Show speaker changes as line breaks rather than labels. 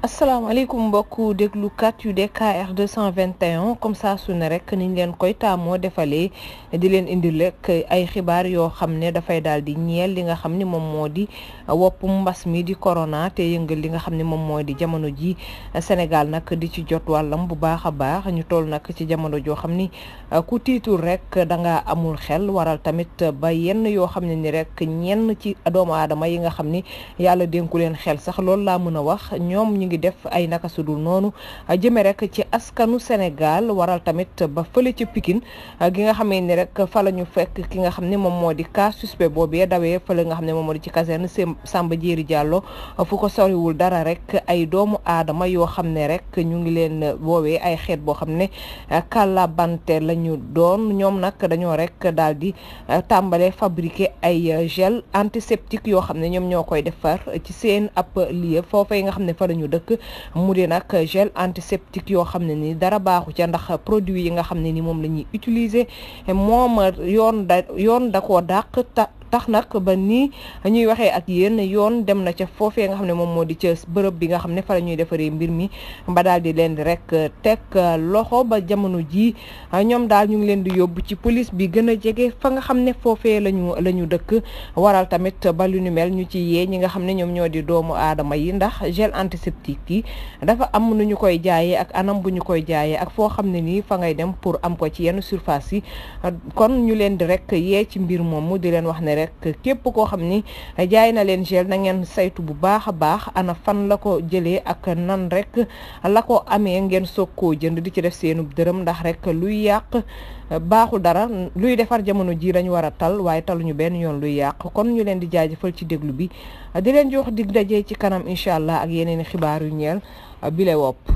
asalaamaaleykum déglu déglukat yu DKR 221 comme ça sune ne rek niñ leen koy taamoo defalee di leen indi lekk ay xibaar yoo xam ne dafay daal di ñeel li nga xam ni moom moo di wopp mbas mi di corona te li nga xam ne moom moo di jamono ji Sénégal nag di ci jot wàllam bu baax a baax ñu toll nag ci jamono joo xam ni ku tiitul rek da nga amul xel waral tamit ba yenn yoo xam ne ni rek ñenn ci doomu aadama yi nga xam ni yàlla dénku leen xel sax loolu laa mën a wax ñoom ngi def ay naka su dul noonu jëme rek ci askanu Sénégal waral tamit ba fële ci Pikine gi nga xamee ni rek fa la ñu fekk ki nga xam ne moom moo di cas suspect boobee dawee fële nga xam ne moom moo di ci caserne Samba Diéry Diallo fu ko soriwul dara rek ay doomu aadama yoo xam ne rek ñu ngi leen woowee ay xeet boo xam ne kàllabante la ñu doon ñoom nag dañoo rek daal di tàmbale fabriquer ay gel antiseptique yoo xam ne ñoom ñoo koy defar ci seen dëkk mu di nag gel antiseptique yoo xam ne ni dara baaxu ca ndax produit yi nga xam ne ni moom la ñuy utiliser moom yoon da yoon da koo dàq ta tax nag ba nii ñuy waxee ak yenn yoon dem na ca foofe nga xam ne moom moo di ca bërëb bi nga xam ne fa ñuy defaree mbir mi ba daal di leen rek teg loxo ba jamono jii ñoom daal ñu ngi leen di yóbbu ci police bi gën a jege fa nga xam ne foofee lañu la ñu dëkk waral tamit ba lu ñu mel ñi nga xam ne ñoom ñoo di doomu aadama yi ndax gel antiseptique yi dafa am nu koy jaayee ak anam bu ñu koy jaayee ak foo xam ne nii fa ngay dem pour am ko ci yenn surface yi kon ñu leen di rek yee ci mbir moomu di leen wax ne rek képp koo xam ni jaay na leen gel na ngeen saytu bu baax a baax ana fan la ko jëlee ak nan rek la ko amee ngeen soog koo jënd di ci def seenub dërëm ndax rek luy yàq baaxul dara luy defar jamono ji lañu war a tal waaye taluñu benn yoon luy yàq kon ñu leen di jaajëfal ci déglu bi di leen jox dig daje ci kanam incha allah ak yeneen i xibaar yu ñeel bile wopp